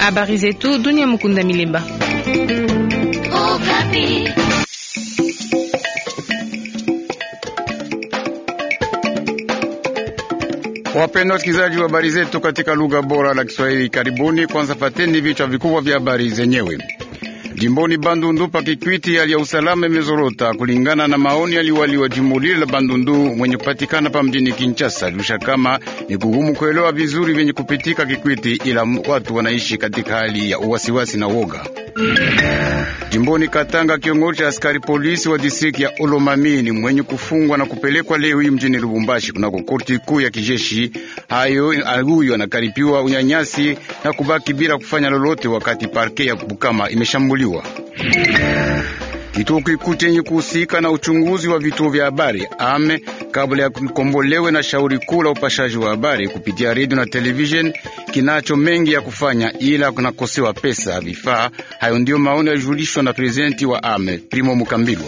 Habari zetu dunia, Mukunda Milemba. Wapenda wasikilizaji wa habari zetu katika lugha bora la Kiswahili, karibuni. Kwanza fateni vichwa vikubwa vya habari zenyewe. Jimboni Bandundu pakikwiti, hali ya usalama imezorota kulingana na maoni yaliwaliwa jimbo lile la Bandundu mwenye kupatikana pa mjini Kinshasa. Lusha kama ni kugumu kuelewa vizuri vyenye kupitika Kikwiti, ila watu wanaishi katika hali ya uwasiwasi na woga. Jimboni Katanga, kiongozi cha askari polisi wa distrikti ya Olomamini mwenye kufungwa na kupelekwa leo hii mjini Lubumbashi kunako korti kuu ya kijeshi. Hayo huyo anakaripiwa unyanyasi na kubaki bila kufanya lolote, wakati parke ya Bukama imeshambuliwa. Kituo kikuu chenye kuhusika na uchunguzi wa vituo vya habari ame kabla ya kukombolewe na shauri kuu la upashaji wa habari kupitia redio na televisheni kinacho mengi ya kufanya, ila kunakosewa pesa, vifaa. Hayo ndiyo maoni yalijulishwa na prezidenti wa AME Primo Mukambilwa.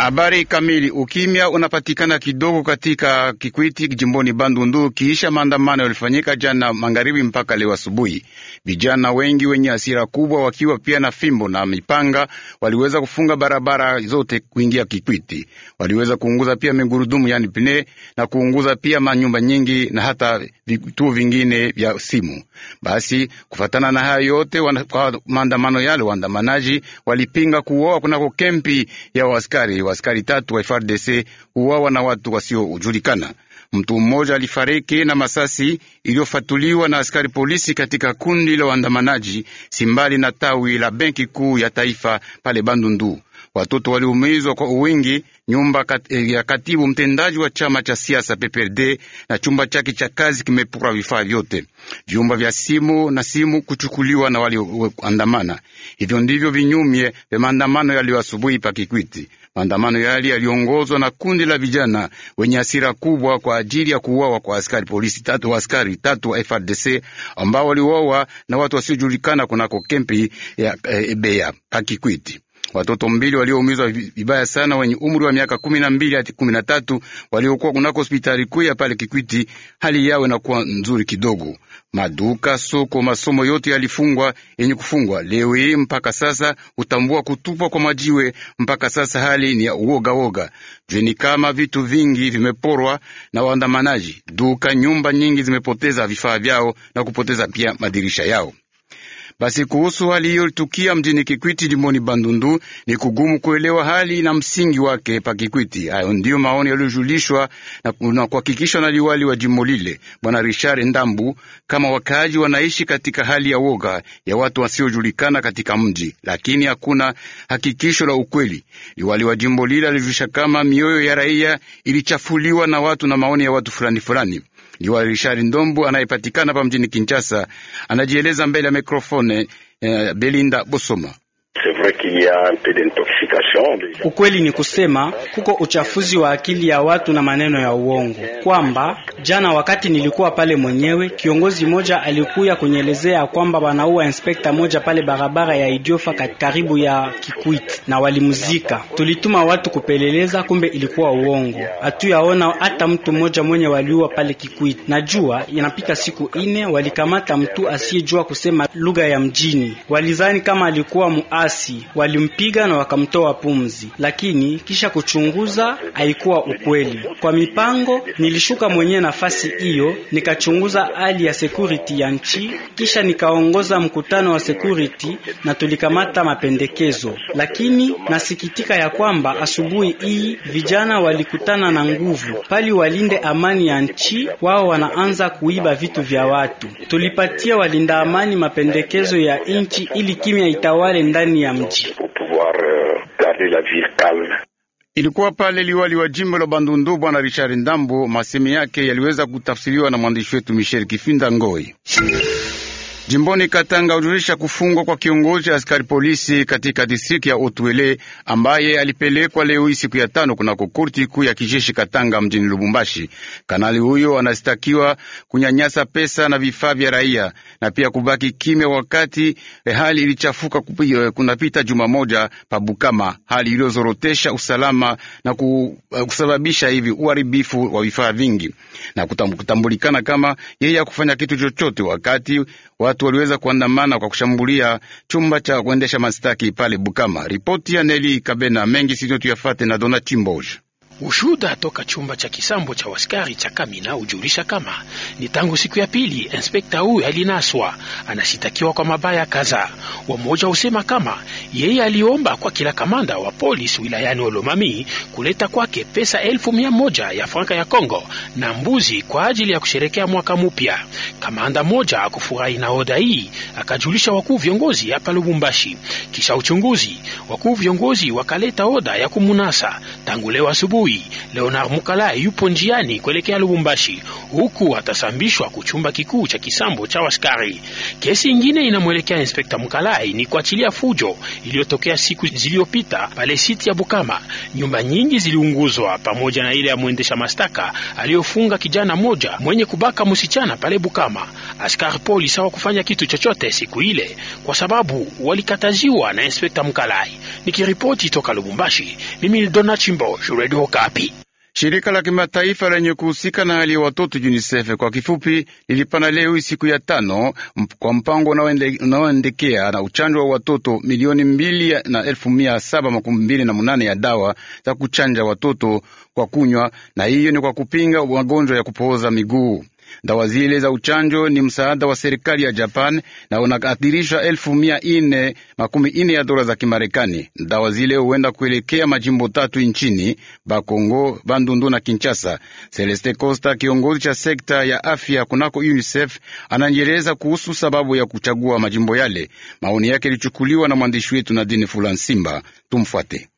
Habari kamili. Ukimya unapatikana kidogo katika Kikwiti jimboni Bandundu kiisha maandamano yalifanyika jana magharibi mpaka leo asubuhi. Vijana wengi wenye hasira kubwa wakiwa pia na fimbo na mipanga waliweza kufunga barabara zote kuingia Kikwiti. Waliweza kuunguza pia migurudumu, yani pine, na kuunguza pia manyumba nyingi na hata vituo vingine vya simu. Basi kufatana na hayo yote, kwa maandamano yale, waandamanaji walipinga kuoa kunako kempi ya waskari askari tatu wa FRDC huwawa na watu wasiojulikana. Mtu mmoja alifariki na masasi iliyofatuliwa na askari polisi katika kundi la waandamanaji simbali na tawi la benki kuu ya taifa pale Bandundu. Watoto waliumizwa kwa uwingi. Nyumba kat, eh, ya katibu mtendaji wa chama cha siasa PPRD na chumba chake cha kazi kimepura vifaa vyote, vyumba vya simu na simu kuchukuliwa na walioandamana. Hivyo ndivyo vinyumye vya maandamano yaliyo asubuhi pakikwiti. Maandamano yale yaliongozwa na kundi la vijana wenye hasira kubwa kwa ajili ya kuuawa kwa askari polisi tatu wa askari tatu wa FRDC ambao waliuawa na watu wasiojulikana kunako kempi ya Ebeya eh, Pakikwiti. Watoto mbili walioumizwa vibaya sana wenye umri wa miaka kumi na mbili hadi kumi na tatu waliokuwa kunako hospitali kuu ya pale Kikwiti, hali yao inakuwa nzuri kidogo. Maduka, soko, masomo yote yalifungwa yenye kufungwa leo hii mpaka sasa, utambua kutupwa kwa majiwe mpaka sasa, hali ni ya uoga woga. Jeni kama vitu vingi vimeporwa na waandamanaji, duka, nyumba nyingi zimepoteza vifaa vyao na kupoteza pia madirisha yao. Basi kuhusu hali hiyo tukia mjini Kikwiti jimboni Bandundu, ni kugumu kuelewa hali na msingi wake pa Kikwiti. Hayo ndiyo maoni yaliyojulishwa na kuhakikishwa na liwali wa jimbo lile Bwana Richard Ndambu, kama wakaaji wanaishi katika hali ya woga ya watu wasiojulikana katika mji, lakini hakuna hakikisho la ukweli. Liwali wa jimbo lile alijulisha kama mioyo ya raia ilichafuliwa na watu na maoni ya watu fulani fulani ndiwa Richard Ndombo anayepatikana hapa mjini Kinshasa anajieleza mbele ya mikrofone eh, Belinda Bosoma. Ukweli ni kusema kuko uchafuzi wa akili ya watu na maneno ya uongo, kwamba jana wakati nilikuwa pale mwenyewe, kiongozi moja alikuya kunyelezea kwamba wanaua inspekta moja pale barabara ya Idiofa karibu ya Kikwit na walimuzika. Tulituma watu kupeleleza, kumbe ilikuwa uongo. Hatuyaona hata mtu mmoja mwenye waliua pale Kikwit. Najua inapika siku ine walikamata mtu asiyejua kusema lugha ya mjini, walizani kama alikuwa muasi polisi walimpiga na wakamtoa pumzi, lakini kisha kuchunguza haikuwa ukweli. Kwa mipango, nilishuka mwenyewe nafasi hiyo nikachunguza hali ya security ya nchi, kisha nikaongoza mkutano wa security na tulikamata mapendekezo, lakini nasikitika ya kwamba asubuhi hii vijana walikutana na nguvu pali walinde amani ya nchi, wao wanaanza kuiba vitu vya watu. Tulipatia walinda amani mapendekezo ya nchi ili kimya itawale ndani ya nchi euh, ilikuwa pale liwali wa jimbo la Bandundu Bwana Richard Ndambo. Masemi yake yaliweza kutafsiriwa na mwandishi wetu Michel Kifinda Ngoi. Jimboni Katanga hujulisha kufungwa kwa kiongozi askari polisi katika distrikti ya Otwele ambaye alipelekwa leo hii siku ya tano kunako korti kuu ya kijeshi Katanga mjini Lubumbashi. Kanali huyo anastakiwa kunyanyasa pesa na vifaa vya raia na pia kubaki kimya wakati hali ilichafuka eh, kunapita juma moja Pabukama, hali iliyozorotesha usalama na eh, kusababisha hivi uharibifu wa vifaa vingi na kutambulikana kama yeye hakufanya kitu chochote wakati watu waliweza kuandamana kwa kushambulia chumba cha kuendesha mastaki pale Bukama. Ripoti ya Neli Kabena mengi sivyo tuyafate na Dona Chimboj. Ushuda toka chumba cha kisambo cha waskari cha Kamina hujulisha kama ni tangu siku ya pili inspekta huyu alinaswa, anashitakiwa kwa mabaya kadhaa. Wamoja husema kama yeye aliomba kwa kila kamanda wa polisi wilayani Olomami kuleta kwake pesa elfu mia moja ya franka ya Kongo na mbuzi kwa ajili ya kusherekea mwaka mpya. Kamanda moja akufurahi na oda hii, akajulisha wakuu viongozi hapa Lubumbashi. Kisha uchunguzi, wakuu viongozi wakaleta oda ya kumunasa. Tangu leo asubuhi, Leonard Mukala yupo njiani kuelekea Lubumbashi, huku atasambishwa kuchumba kikuu cha kisambo cha waskari. Kesi ingine inamwelekea Inspekta Mukalai ni kuachilia fujo iliyotokea siku ziliyopita pale siti ya Bukama. Nyumba nyingi ziliunguzwa pamoja na ile ya mwendesha mashtaka aliyofunga kijana moja mwenye kubaka msichana pale Bukama. Askari polisi hawakufanya kitu chochote siku ile kwa sababu walikataziwa na Inspekta Mkalai. Nikiripoti toka Lubumbashi, mimi ni Donald Chimbo, Radio Okapi. Shirika la kimataifa lenye kuhusika na hali ya watoto UNICEF kwa kifupi lilipana leo hii siku ya tano kwa mpango unaoendekea na uchanjo wa watoto milioni mbili na elfu mia saba makumi mbili na munane ya dawa za kuchanja watoto kwa kunywa, na hiyo ni kwa kupinga magonjwa ya kupooza miguu. Dawa zile za uchanjo ni msaada wa serikali ya Japan na unakadirisha elfu mia ine makumi ine ya dola za Kimarekani. Dawa zile huenda kuelekea majimbo tatu nchini Bakongo, Bandundu na Kinshasa. Celeste Costa, kiongozi cha sekta ya afya kunako UNICEF, anaenjeleza kuhusu sababu ya kuchagua majimbo yale. Maoni yake ilichukuliwa na mwandishi wetu Nadine Fulansimba. Tumfuate.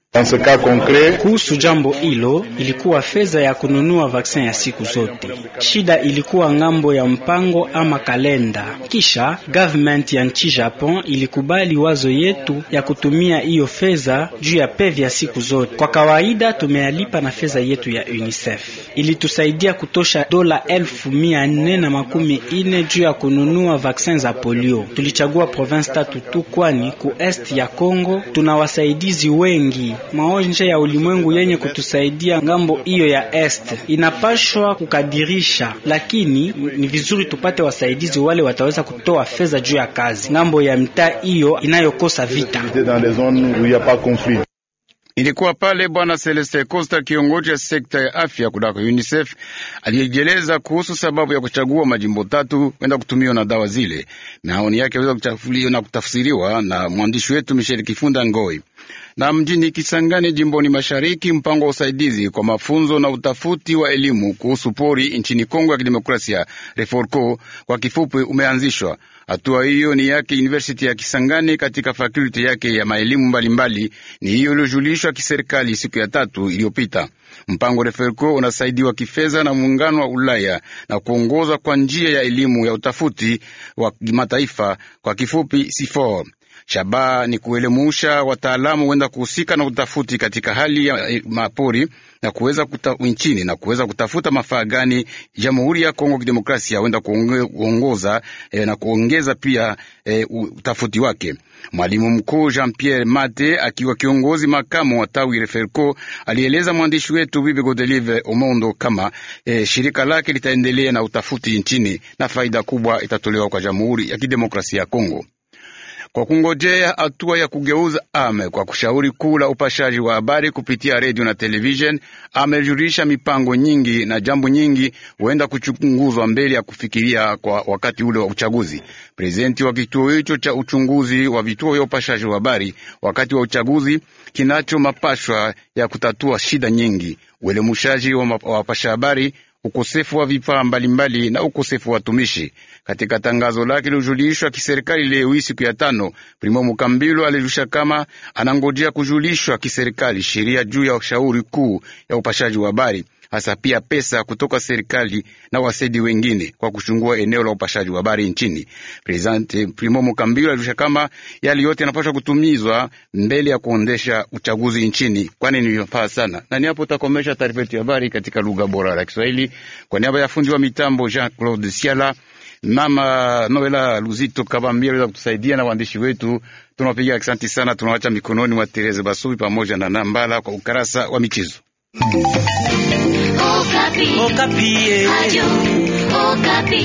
Kuhusu jambo hilo, ilikuwa fedha ya kununua vaksin ya siku zote. Shida ilikuwa ngambo ya mpango ama kalenda. Kisha government ya nchi Japon ilikubali wazo yetu ya kutumia hiyo fedha juu ya pevi ya siku zote. Kwa kawaida tumealipa na fedha yetu ya UNICEF. Ilitusaidia kutosha dola elfu mia nne na makumi ine juu ya kununua vaksin za polio. Tulichagua province tatu tu, kwani ku est ya Congo tuna wasaidizi wengi maonje ya ulimwengu yenye kutusaidia ngambo hiyo ya est inapashwa kukadirisha, lakini ni vizuri tupate wasaidizi wale wataweza kutoa fedha juu ya kazi ngambo ya mtaa hiyo inayokosa vita. Ilikuwa pale Bwana Celeste Costa, kiongozi ya sekta ya afya kutoka UNICEF, aliyejeleza kuhusu sababu ya kuchagua majimbo tatu kwenda kutumiwa na dawa zile. Maoni yake aweza kuchafuliwa na kutafsiriwa na mwandishi wetu Michel Kifunda Ngoi. Na mjini Kisangani, jimboni Mashariki, mpango wa usaidizi kwa mafunzo na utafuti wa elimu kuhusu pori nchini Kongo ya Kidemokrasia, REFORCO kwa kifupi, umeanzishwa. Hatua hiyo ni yake University ya Kisangani katika fakulti yake ya maelimu mbalimbali. Ni hiyo iliyojulishwa kiserikali siku ya tatu iliyopita. Mpango REFERCO unasaidiwa kifedha na muungano wa Ulaya na kuongozwa kwa njia ya elimu ya utafuti wa kimataifa kwa kifupi SIFOR. Shabaha ni kuelemusha wataalamu wenda kuhusika na utafuti katika hali ya eh, mapori na kuweza nchini na kuweza kutafuta mafaa gani Jamhuri ya Kongo Kidemokrasia wenda kuongoza eh, na kuongeza pia eh, utafuti wake. Mwalimu mkuu Jean Pierre Mate akiwa kiongozi makamu wa tawi Referco alieleza mwandishi wetu Bibi Godelive Omondo kama eh, shirika lake litaendelea na utafuti nchini na faida kubwa itatolewa kwa Jamhuri ya Kidemokrasia ya Kongo kwa kungojea hatua ya kugeuza ame kwa kushauri kuu la upashaji wa habari kupitia redio na televisheni. Amejulisha mipango nyingi na jambo nyingi huenda kuchunguzwa mbele ya kufikiria kwa wakati ule wa uchaguzi. Prezidenti wa kituo hicho cha uchunguzi wa vituo vya upashaji wa habari wakati wa uchaguzi kinacho mapashwa ya kutatua shida nyingi, uelemushaji wa wapasha habari ukosefu wa vifaa mbalimbali na ukosefu wa watumishi. Katika tangazo lake lilojulishwa kiserikali leo siku ya tano, Primo Mukambilo alirusha kama anangojea kujulishwa kiserikali sheria juu ya ushauri kuu ya upashaji wa habari hasa pia pesa kutoka serikali na wasedi wengine kwa kuchungua eneo la upashaji wa habari nchini. Presidenti Primo Mukambiro alivisha kama yale yote yanapaswa kutumizwa mbele ya kuondesha uchaguzi nchini, kwani ni vyofaa sana. Na ni hapo utakomesha taarifa yetu ya habari katika lugha bora la Kiswahili. Kwa niaba ya fundi wa mitambo Jean Claude Siala, Mama Noela Luzito Kabambia aliweza kutusaidia na waandishi wetu, tunawapiga asanti sana. Tunawacha mikononi mwa Tereze Basubi pamoja na Nambala kwa ukarasa wa michezo. mm -hmm. Okapi.